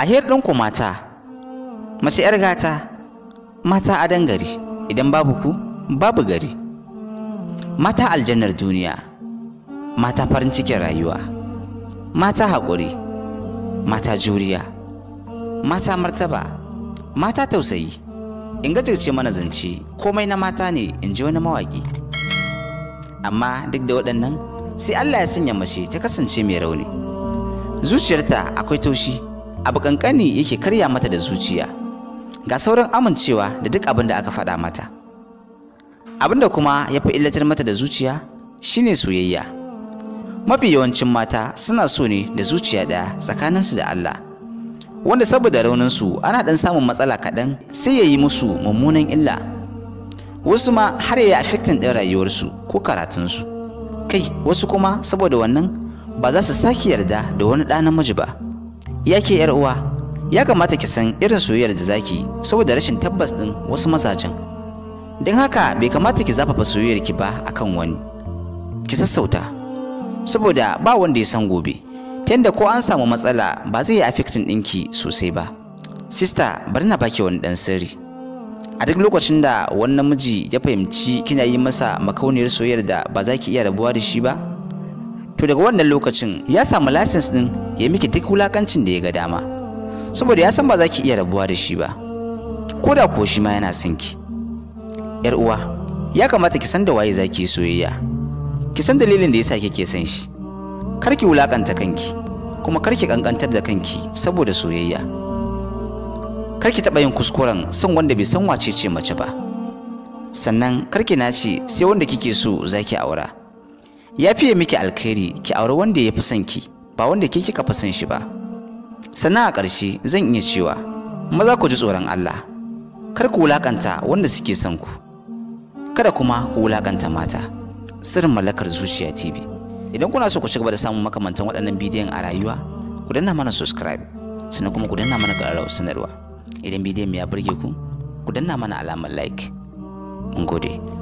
a hir ɗinku mata mace 'yar gata mata a dangare idan babu ku babu gari mata aljannar duniya mata farin cikin rayuwa mata haƙuri mata juriya mata martaba mata tausayi in gajirce mana zance komai na mata ne in ji wani mawaƙi amma duk da waɗannan sai allah ya sanya mace ta kasance mai rauni zuciyarta akwai taushi abu kankani yake karya mata da zuciya ga sauran amincewa da duk abin da aka faɗa mata abin da kuma ya fi illatar mata da zuciya shine soyayya mafi yawancin mata suna so ne da zuciya ɗaya tsakaninsu da Allah wanda saboda rauninsu ana ɗan samun matsala kaɗan sai ya yi musu mummunan illa wasu ma har ya yi affectin ɗin rayuwarsu ko karatunsu kai wasu kuma saboda wannan ba za su sake yarda da wani ɗa namiji ba yake yar uwa ya kamata ki san irin soyayyar da zaki saboda rashin tabbas din wasu mazajen don haka bai kamata ki zafafa soyayyar ki ba akan wani ki sassauta saboda ba wanda ya san gobe ta ko an samu matsala ba zai yi affecting ɗinki sosai ba sista bari na baki wani ɗan sirri a duk lokacin da wani namiji ya fahimci kina yi masa makauniyar soyayyar da ba za ki iya rabuwa da shi ba to daga wannan lokacin ya samu license din ya miki duk wulakancin da ya ga dama saboda ya san ba za ki iya rabuwa da shi ba ko da kuwa shi ma yana son ki yar uwa ya kamata ki san da waye za ki soyayya ki san dalilin da ya sa kike son shi kar ki wulakanta kanki kuma kar ki kankantar da kanki saboda soyayya kar ki taɓa yin kuskuren son wanda bai san wace ce mace ba sannan kar ki nace sai wanda kike so zaki aura ya fiye miki alkhairi ki auri wanda ya fi son ki ba wanda ke kika fi son shi ba sannan a ƙarshe zan iya cewa maza ku ji tsoron Allah kar ku wulakanta wanda suke son ku kada kuma ku wulakanta mata sirrin mallakar zuciya TV idan kuna so ku ci gaba da samun makamantan waɗannan bidiyon a rayuwa ku danna mana subscribe sannan kuma ku danna mana ƙararrawa sanarwa idan bidiyon ya burge ku ku danna mana alamar like mun gode